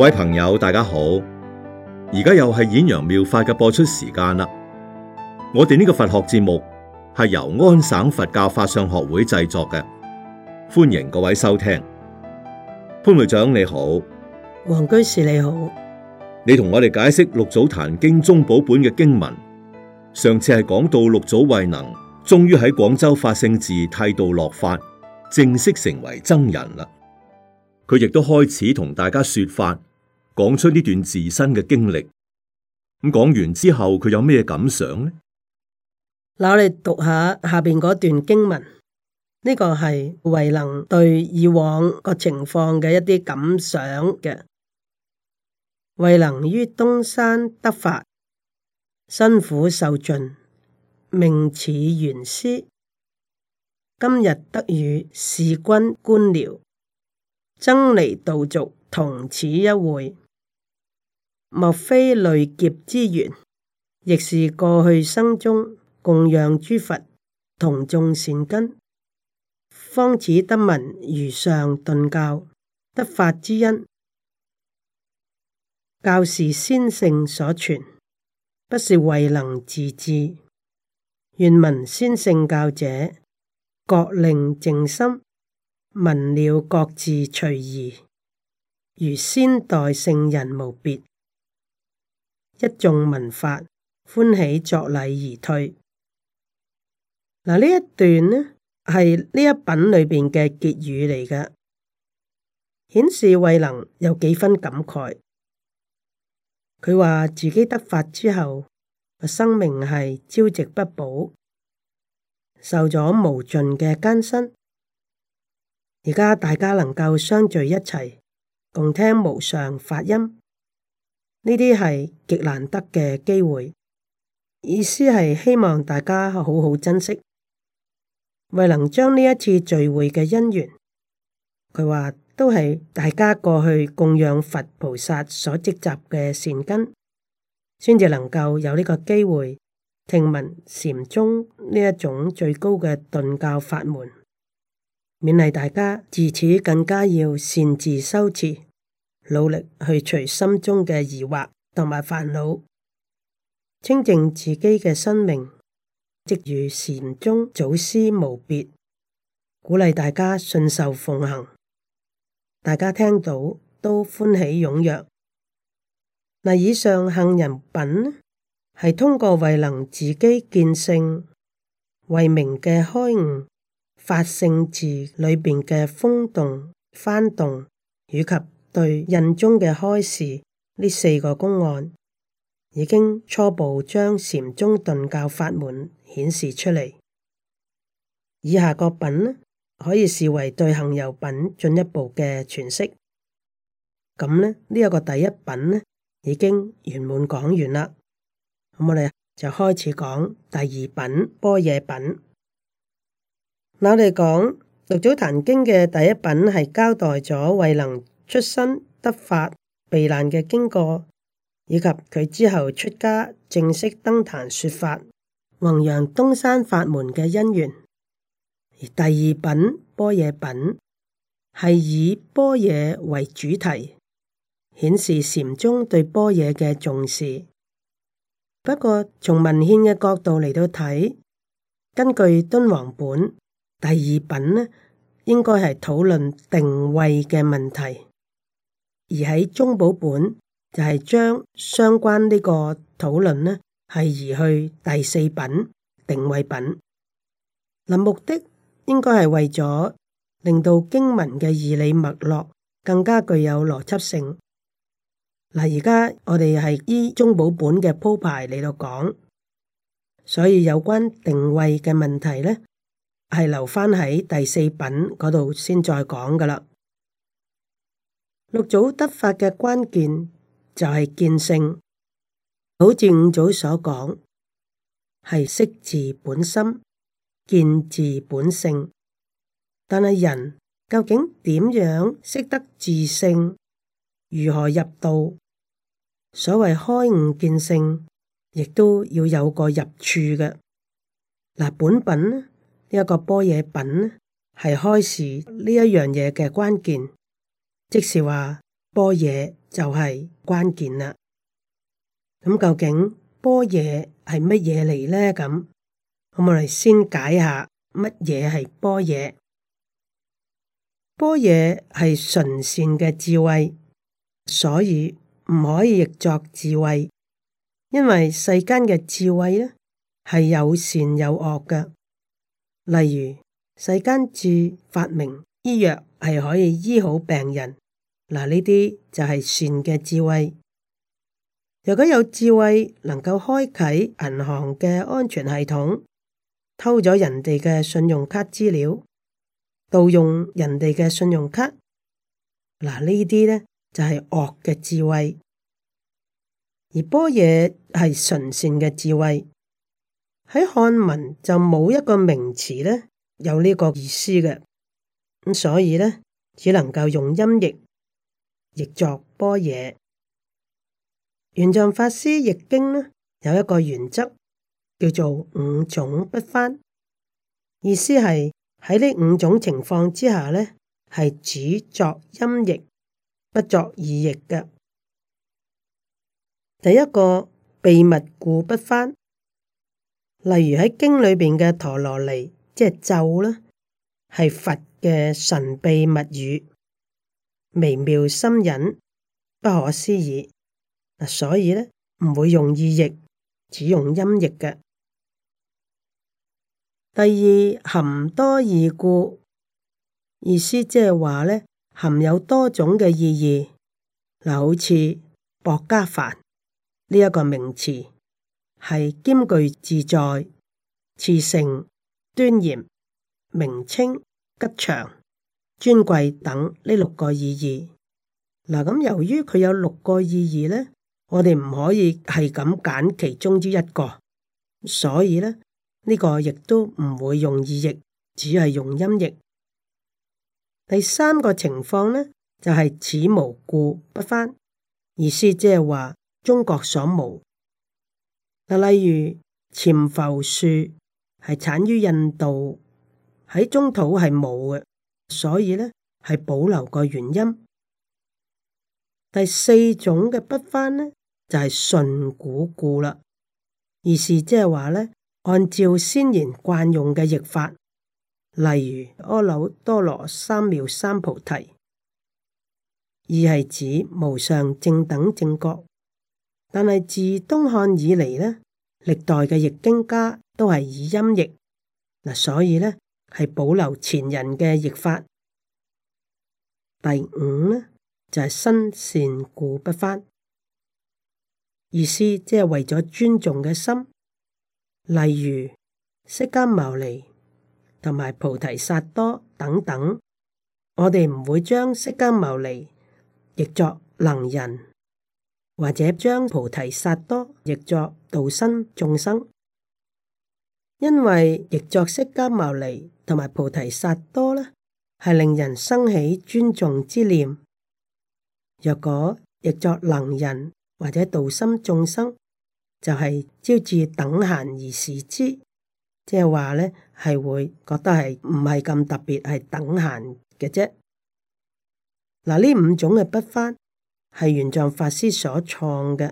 各位朋友，大家好！而家又係《顯揚妙法》嘅播出時間啦。我哋呢個佛學節目係由安省佛教法相學會製作嘅，歡迎各位收聽。潘會長你好，黃居士你好，你同我哋解釋《六祖壇經》中寶本嘅經文。上次係講到六祖慧能終於喺廣州法性寺剃度落髮正式成為僧人啦。佢亦都開始同大家說法。講出呢段自身嘅經歷，咁講完之後佢有咩感想呢？嗱，我哋讀下下邊嗰段經文，呢、這個係慧能對以往個情況嘅一啲感想嘅。慧能於東山得法，辛苦受盡，命似懸絲，今日得與使君官僚，僧尼道俗同此一會。莫非累劫之緣，亦是過去生中供養諸佛，同眾善根，方始得聞如上頓教得法之因。教是先聖所傳，不是惠能自知。願聞先聖教者，各令淨心，聞了各自隨意，如先代聖人無別。一眾聞法歡喜作禮而退。嗱，呢一段呢係呢一品裏邊嘅結語嚟噶，顯示慧能有幾分感慨。佢話自己得法之後，生命係朝夕不保，受咗無盡嘅艱辛。而家大家能夠相聚一齊，共聽無上法音。呢啲係極難得嘅機會，意思係希望大家好好珍惜。為能將呢一次聚會嘅因緣，佢話都係大家過去供養佛菩薩所積集嘅善根，先至能夠有呢個機會聽聞禪宗呢一種最高嘅頓教法門。勉勵大家自此更加要善自修持。努力去除心中嘅疑惑同埋煩惱，清淨自己嘅生命，即如禪宗祖師無別，鼓勵大家信受奉行。大家聽到都歡喜踴躍。嗱，以上行由品係通過為能自己見性為明嘅開悟，法性寺裏邊嘅風動幡動以及。對印宗嘅開示，呢四個公案已經初步將禪宗頓教法門顯示出嚟。以下各品呢，可以視為對行由品進一步嘅詮釋。咁呢呢一、這個第一品呢，已經圓滿講完滿講完啦。咁、嗯、我哋就開始講第二品般若品。嗱，我哋講六祖壇經嘅第一品係交代咗慧能。出身得法避難嘅經過，以及佢之後出家正式登壇說法，弘揚東山法門嘅因緣。而第二品般若品係以般若為主題，顯示禪宗對般若嘅重視。不過，從文獻嘅角度嚟到睇，根據敦煌本第二品呢，應該係討論定位嘅問題。而喺中保本就係、是、將相關呢個討論呢，係移去第四品定位品。嗱，目的應該係為咗令到經文嘅義理脈絡更加具有邏輯性。嗱，而家我哋係依中保本嘅鋪排嚟到講，所以有關定位嘅問題呢，係留翻喺第四品嗰度先再講噶啦。六祖得法嘅關鍵就係見性，好似五祖所講，係識自本心，見自本性。但係人究竟點樣識得自性？如何入道？所謂開悟見性，亦都要有個入處嘅。嗱，本品呢一、這個般若品呢，係開示呢一樣嘢嘅關鍵。即是話般若就係關鍵啦。咁究竟般若係乜嘢嚟呢？咁我哋嚟先解下乜嘢係般若？般若係純善嘅智慧，所以唔可以譯作智慧，因為世間嘅智慧呢係有善有惡嘅。例如世間注發明醫藥。係可以醫好病人，嗱呢啲就係善嘅智慧。如果有智慧能夠開啟銀行嘅安全系統，偷咗人哋嘅信用卡資料，盜用人哋嘅信用卡，嗱呢啲呢就係惡嘅智慧。而波嘢係純善嘅智慧，喺漢文就冇一個名詞呢，有呢個意思嘅。咁所以呢，只能夠用音譯譯作般若。玄奘法師譯經呢，有一個原則叫做五種不翻，意思係喺呢五種情況之下呢，係只作音譯，不作意譯嘅。第一個秘密故不翻，例如喺經裏邊嘅陀羅尼，即係咒啦，係佛。嘅神秘物語，微妙深隱，不可思議。所以呢，唔會用意譯，只用音譯嘅。第二含多義故，意思即係話呢，含有多種嘅意義。嗱，好似薄伽梵呢一個名詞，係兼具自在、熾盛、端嚴、名稱、吉祥、尊貴等呢六個意義，嗱，咁由於佢有六個意義呢，我哋唔可以係咁揀其中之一個，所以呢，呢個亦都唔會用意譯，只係用音譯。第三個情況呢，就係此無故不翻，意思即係話中國所無。嗱，例如潛浮樹係產於印度。喺中土係冇嘅，所以呢係保留個原因。第四種嘅不翻呢，就係、是、順古故啦，而是即係話呢，按照先賢慣用嘅譯法，例如阿耨多羅三藐三菩提，而係指無上正等正覺。但係自東漢以嚟呢，歷代嘅譯經家都係以音譯嗱，所以呢。係保留前人嘅譯法。第五呢，就係、是、身善故不翻，意思即係為咗尊重嘅心，例如釋迦牟尼同埋菩提薩多等等，我哋唔會將釋迦牟尼譯作能人，或者將菩提薩多譯作導身眾生。因為譯作釋迦牟尼同埋菩提薩多呢，係令人生起尊重之念。若果譯作能人或者道心眾生，就係招致等閒而視之，即係話呢，係會覺得係唔係咁特別，係等閒嘅啫。嗱，呢五種嘅不翻係玄奘法師所創嘅，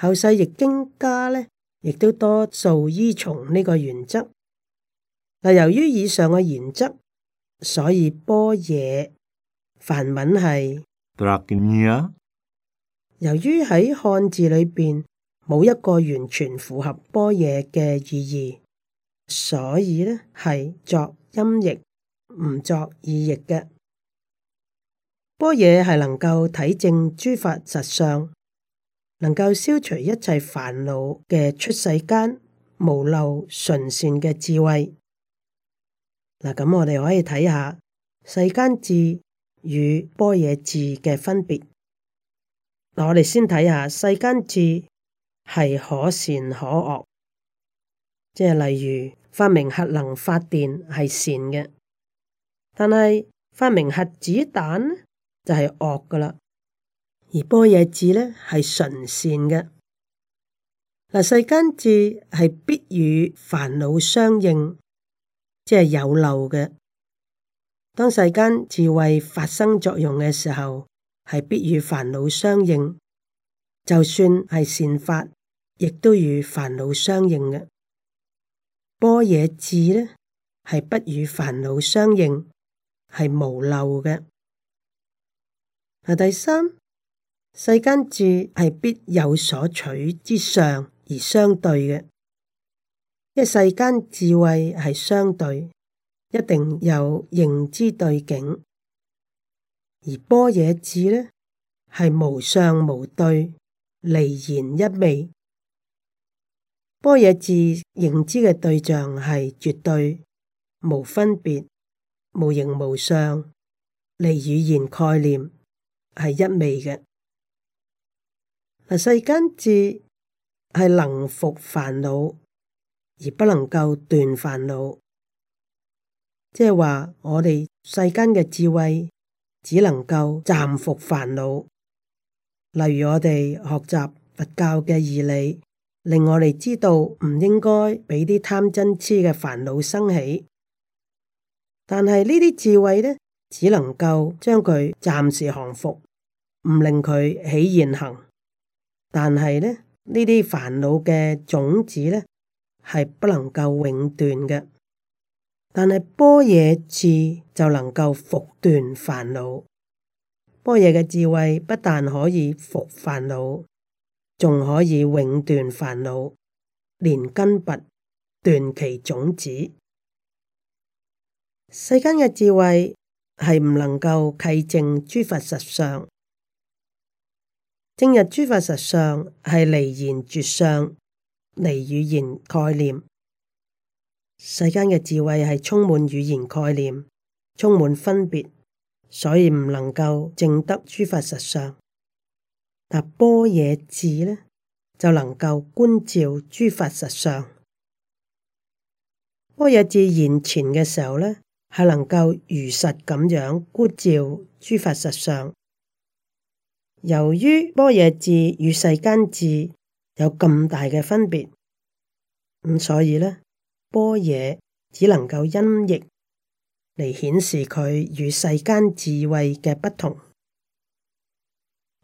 後世譯經家呢。亦都多數依從呢個原則。嗱，由於以上嘅原則，所以般若梵文係，由於喺漢字裏邊冇一個完全符合般若嘅意義，所以呢係作音譯，唔作意譯嘅。般若係能夠體證諸法實相，能夠消除一切煩惱嘅出世間無漏純善嘅智慧。嗱，咁我哋可以睇下世間智與般若智嘅分別。嗱，我哋先睇下世間智係可善可惡，即係例如發明核能發電係善嘅，但係發明核子彈就係惡噶啦。而般若智呢，係純善嘅。嗱，世間智係必與煩惱相應，即係有漏嘅。當世間智慧發生作用嘅時候，係必與煩惱相應。就算係善法，亦都與煩惱相應嘅。般若智呢，係不與煩惱相應，係無漏嘅。嗱，第三。世間智係必有所取之上而相對嘅，因世間智慧係相對，一定有認知對境。而般若智呢，係無相無對，離言一味。般若智認知嘅對象係絕對無分別、無形無相，離語言概念係一味嘅。世間智係能服煩惱，而不能夠斷煩惱。即係話，我哋世間嘅智慧只能夠暫服煩惱。例如我哋學習佛教嘅義理，令我哋知道唔應該俾啲貪真痴嘅煩惱生起。但係呢啲智慧咧，只能夠將佢暫時降服，唔令佢起現行。但係咧，呢啲煩惱嘅種子呢，係不能夠永斷嘅。但係般若智就能夠伏斷煩惱。般若嘅智慧不但可以伏煩惱，仲可以永斷煩惱，連根拔斷其種子。世間嘅智慧係唔能夠契證諸佛實相。正日諸法實相係離言絕相，離語言概念。世間嘅智慧係充滿語言概念，充滿分別，所以唔能夠正得諸法實相。但般若智呢就能夠觀照諸法實相。般若智現前嘅時候呢係能夠如實咁樣觀照諸法實相。由於般若智與世間智有咁大嘅分別，咁所以呢，般若只能夠因譯嚟顯示佢與世間智慧嘅不同。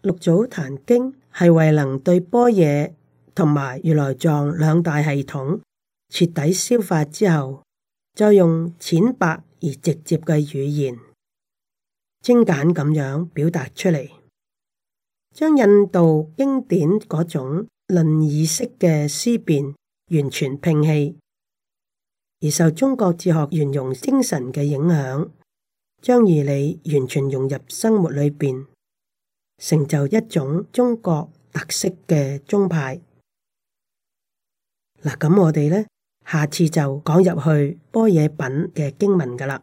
六祖壇經係惠能對般若同埋如來藏兩大系統徹底消化之後，再用淺白而直接嘅語言精簡咁樣表達出嚟。將印度經典嗰種論意識嘅思辨完全摒棄，而受中國哲學圓融精神嘅影響，將義理完全融入生活裏邊，成就一種中國特色嘅宗派。嗱，咁我哋呢，下次就講入去波野品嘅經文噶啦。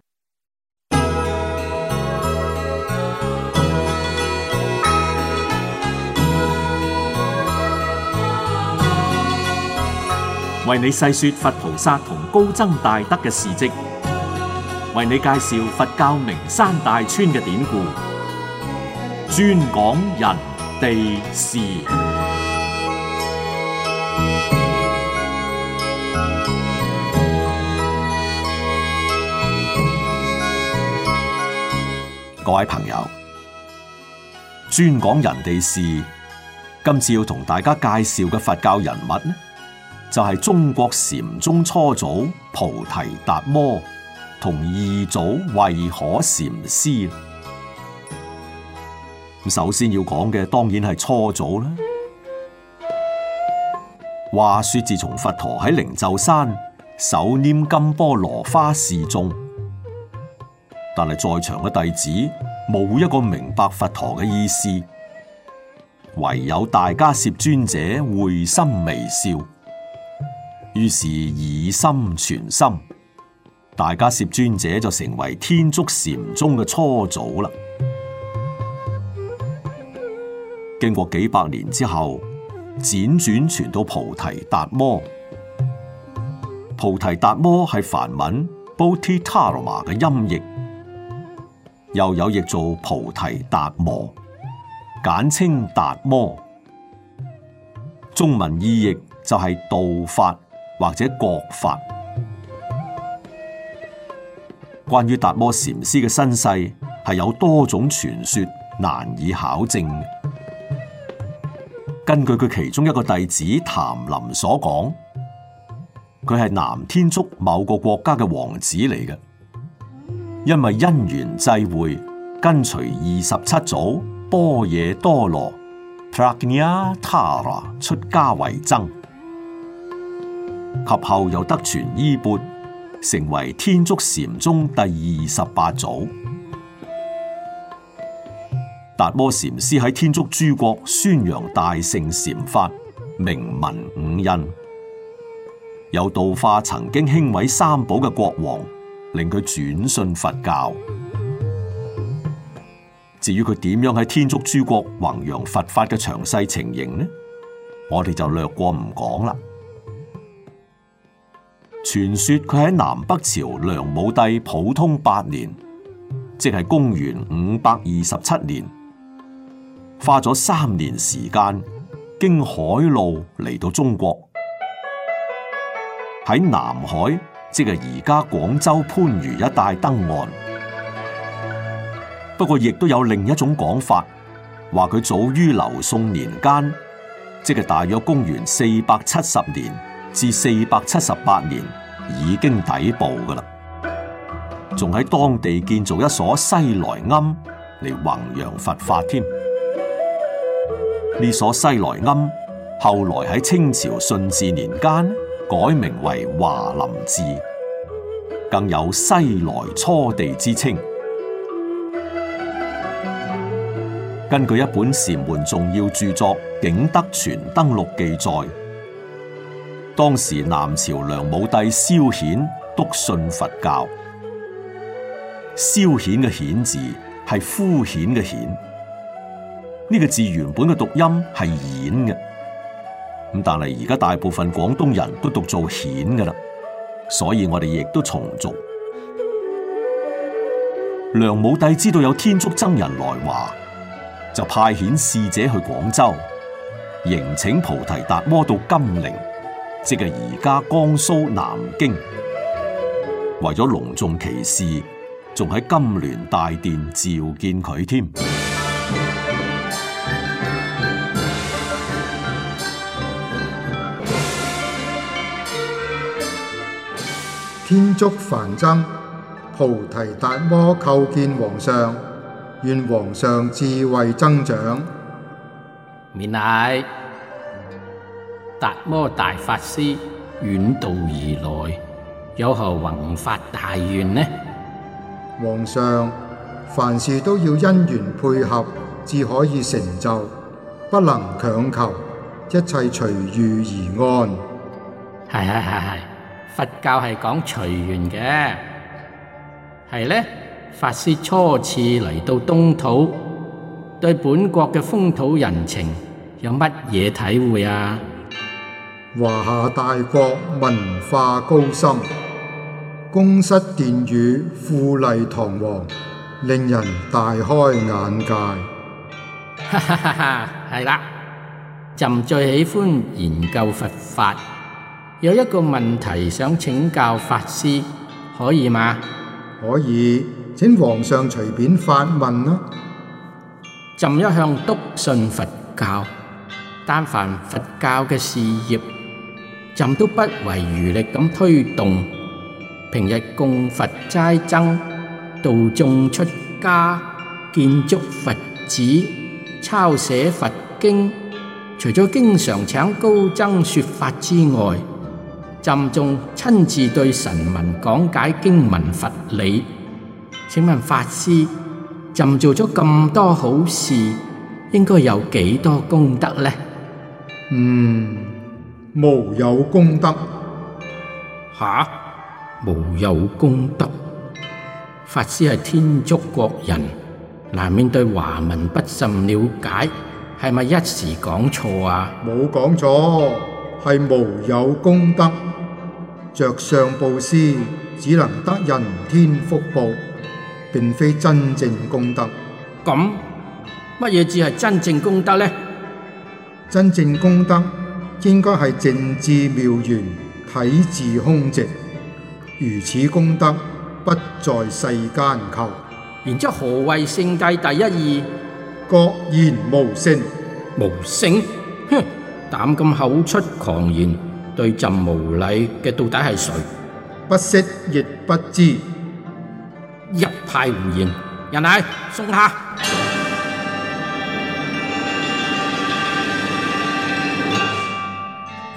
為你細說佛菩薩同高僧大德嘅事跡，為你介紹佛教名山大川嘅典故，專講人哋事。各位朋友，專講人哋事，今次要同大家介紹嘅佛教人物呢？就係中國禪宗初祖菩提達摩同二祖慧可禪師。首先要講嘅當然係初祖啦。話說自從佛陀喺靈鷲山手拈金波羅花示眾，但係在場嘅弟子冇一個明白佛陀嘅意思，唯有大迦葉尊者會心微笑。於是以心傳心，大家攝尊者就成為天竺禪宗嘅初祖啦。經過幾百年之後，輾轉傳到菩提達摩。菩提達摩係梵文 Bodhidharma 嘅音譯，又有譯做菩提達摩，簡稱達摩。中文意譯就係道法。或者國法，關於達摩禪師嘅身世係有多種傳說，難以考證。根據佢其中一個弟子譚林所講，佢係南天竺某個國家嘅王子嚟嘅，因為因緣際會，跟隨二十七祖波耶多羅 Prajnatara 出家為僧。及後又得傳衣鉢，成為天竺禪宗第二十八祖。達摩禪師喺天竺諸國宣揚大乘禪法，名聞五印，有度化曾經輕毀三寶嘅國王，令佢轉信佛教。至於佢點樣喺天竺諸國弘揚佛法嘅詳細情形呢？我哋就略過唔講啦。傳說佢喺南北朝梁武帝普通八年，即係公元五百二十七年，花咗三年時間經海路嚟到中國，喺南海，即係而家廣州番禺一帶登岸。不過，亦都有另一種講法，話佢早於劉宋年間，即係大約公元四百七十年。至四百七十八年已經底部噶啦，仲喺當地建造一所西來庵嚟弘揚佛法添。呢所西來庵後來喺清朝順治年間改名為華林寺，更有西來初地之稱。根據一本禪門重要著作《景德傳燈錄》記載。當時南朝梁武帝蕭衍篤信佛教，蕭衍嘅衍字係敷衍嘅衍，呢、這個字原本嘅讀音係衍嘅，咁但係而家大部分廣東人都讀做顯噶啦，所以我哋亦都從俗。梁武帝知道有天竺僧人來華，就派遣使者去廣州迎請菩提達摩到金陵。即係而家江蘇南京，為咗隆重其事，仲喺金鑾大殿召見佢添。天竺梵僧菩提達摩叩見皇上，願皇上智慧增長。免禮。達摩大法師遠道而來，有何宏法大願呢？皇上，凡事都要因緣配合，至可以成就，不能強求，一切隨遇而安。係系系系，佛教係講隨緣嘅。係呢，法師初次嚟到東土，對本國嘅風土人情有乜嘢體會啊？華夏大國文化高深，宮室殿宇富麗堂皇，令人大開眼界。哈哈哈！係啦，朕最喜歡研究佛法，有一個問題想請教法師，可以嗎？可以，請皇上隨便發問啦。朕一向篤信佛教，但凡佛教嘅事業。朕都不遺餘力咁推動，平日供佛齋僧、度眾出家、建築佛寺、抄寫佛經，除咗經常請高僧說法之外，朕仲親自對臣民講解經文佛理。請問法師，朕做咗咁多好事，應該有幾多功德呢？嗯。無有功德。吓！無有功德。法師係天竺國人，難免對華文不甚了解，係咪一時講錯啊？冇講錯，係無有功德，著相布施只能得人天福報，並非真正功德。咁乜嘢至係真正功德呢？真正功德。應該係淨智妙圓，體自空寂，如此功德不在世間求。然則何謂聖界第一義？各言無聖，無聖，哼！膽咁口出狂言，對朕無禮嘅到底係誰？不識亦不知，一派胡言！人嚟送下。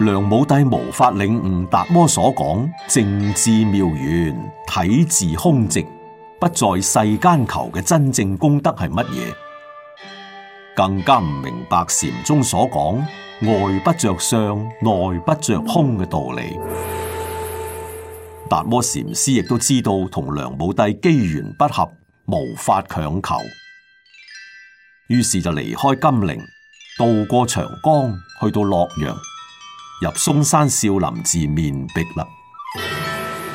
梁武帝無法領悟達摩所講淨智妙圓體自空寂不在世間求嘅真正功德係乜嘢，更加唔明白禪宗所講外不着相內不着空嘅道理。達摩禪師亦都知道同梁武帝機緣不合，無法強求，於是就離開金陵，渡過長江，去到洛陽。入嵩山少林寺面壁啦。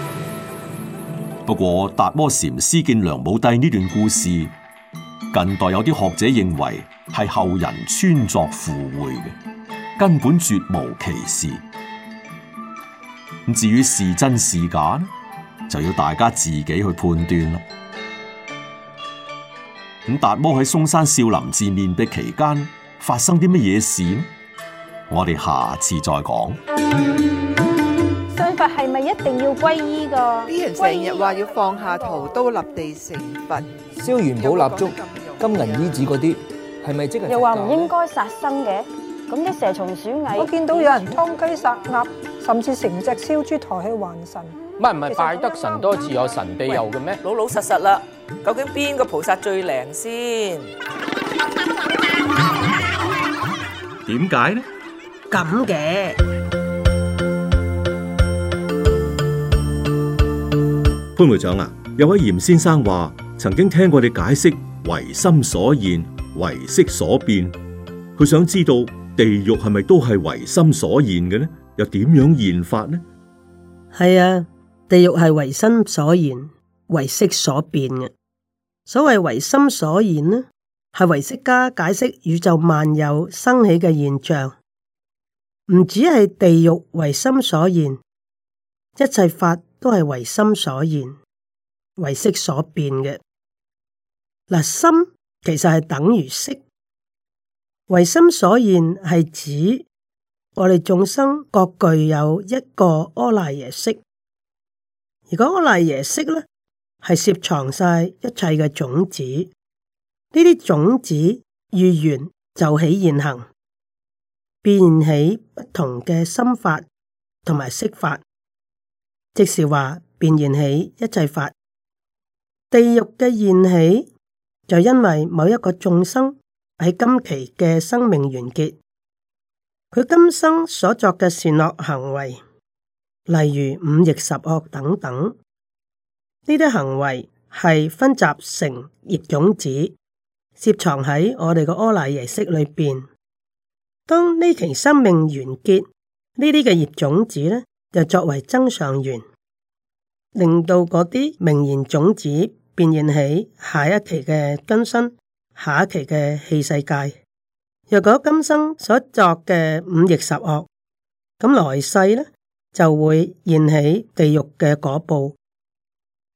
不過達摩禪師見梁武帝呢段故事，近代有啲學者認為係後人穿鑿附會嘅，根本絕無其事。咁至於是真是假呢，就要大家自己去判斷啦。咁達摩喺嵩山少林寺面壁期間，發生啲乜嘢事呢？我哋下次再講。信佛係咪一定要皈依噶？啲人成日話要放下屠刀立地成佛，燒元寶蠟燭、金銀衣紙嗰啲，係咪即係？又話唔應該殺生嘅，咁啲蛇蟲鼠蟻，我見到有人，劏雞殺鴨，甚至成隻燒豬抬去還神。唔係唔係，拜得神多自有神庇佑嘅咩？老老實實啦，究竟邊個菩薩最靈先？點解呢？咁嘅潘會長啊，有位嚴先生話曾經聽過你解釋唯心所現唯識所變。佢想知道地獄係咪都係唯心所現嘅呢？又點樣現法呢？係啊，地獄係唯心所現唯識所變嘅。所謂唯心所現呢，係唯識家解釋宇宙萬有生起嘅現象。唔止係地獄為心所現，一切法都係為心所現，為識所變嘅。嗱，心其實係等於識，為心所現係指我哋眾生各具有一個阿賴耶識。如果阿賴耶識咧係攝藏晒一切嘅種子，呢啲種子遇緣就起現行。變現起不同嘅心法同埋色法，即是話變現起一切法。地獄嘅現起，就因為某一個眾生喺今期嘅生命完結，佢今生所作嘅善惡行為，例如五逆十惡等等，呢啲行為係分集成業種子，攝藏喺我哋個阿賴耶識裏邊。當呢期生命完結，呢啲嘅業種子咧，就作為增上緣，令到嗰啲名言種子變現起下一期嘅根身，下一期嘅器世界。若果今生所作嘅五逆十惡，咁來世咧就會現起地獄嘅果報，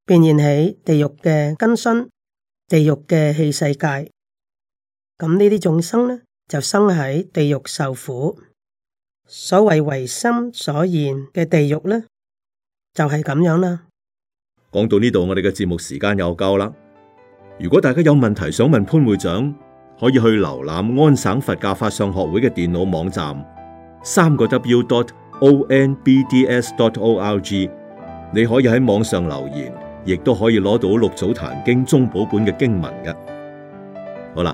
變現起地獄嘅根身、地獄嘅器世界。咁呢啲眾生咧。就生喺地獄受苦。所謂唯心所現嘅地獄咧，就係咁樣啦。講到呢度，我哋嘅節目時間又夠啦。如果大家有問題想問潘會長，可以去瀏覽安省佛教法相學會嘅電腦網站，三個 w.dot.onbds.dot.org。你可以喺網上留言，亦都可以攞到六祖壇經中寶本嘅經文嘅。好啦。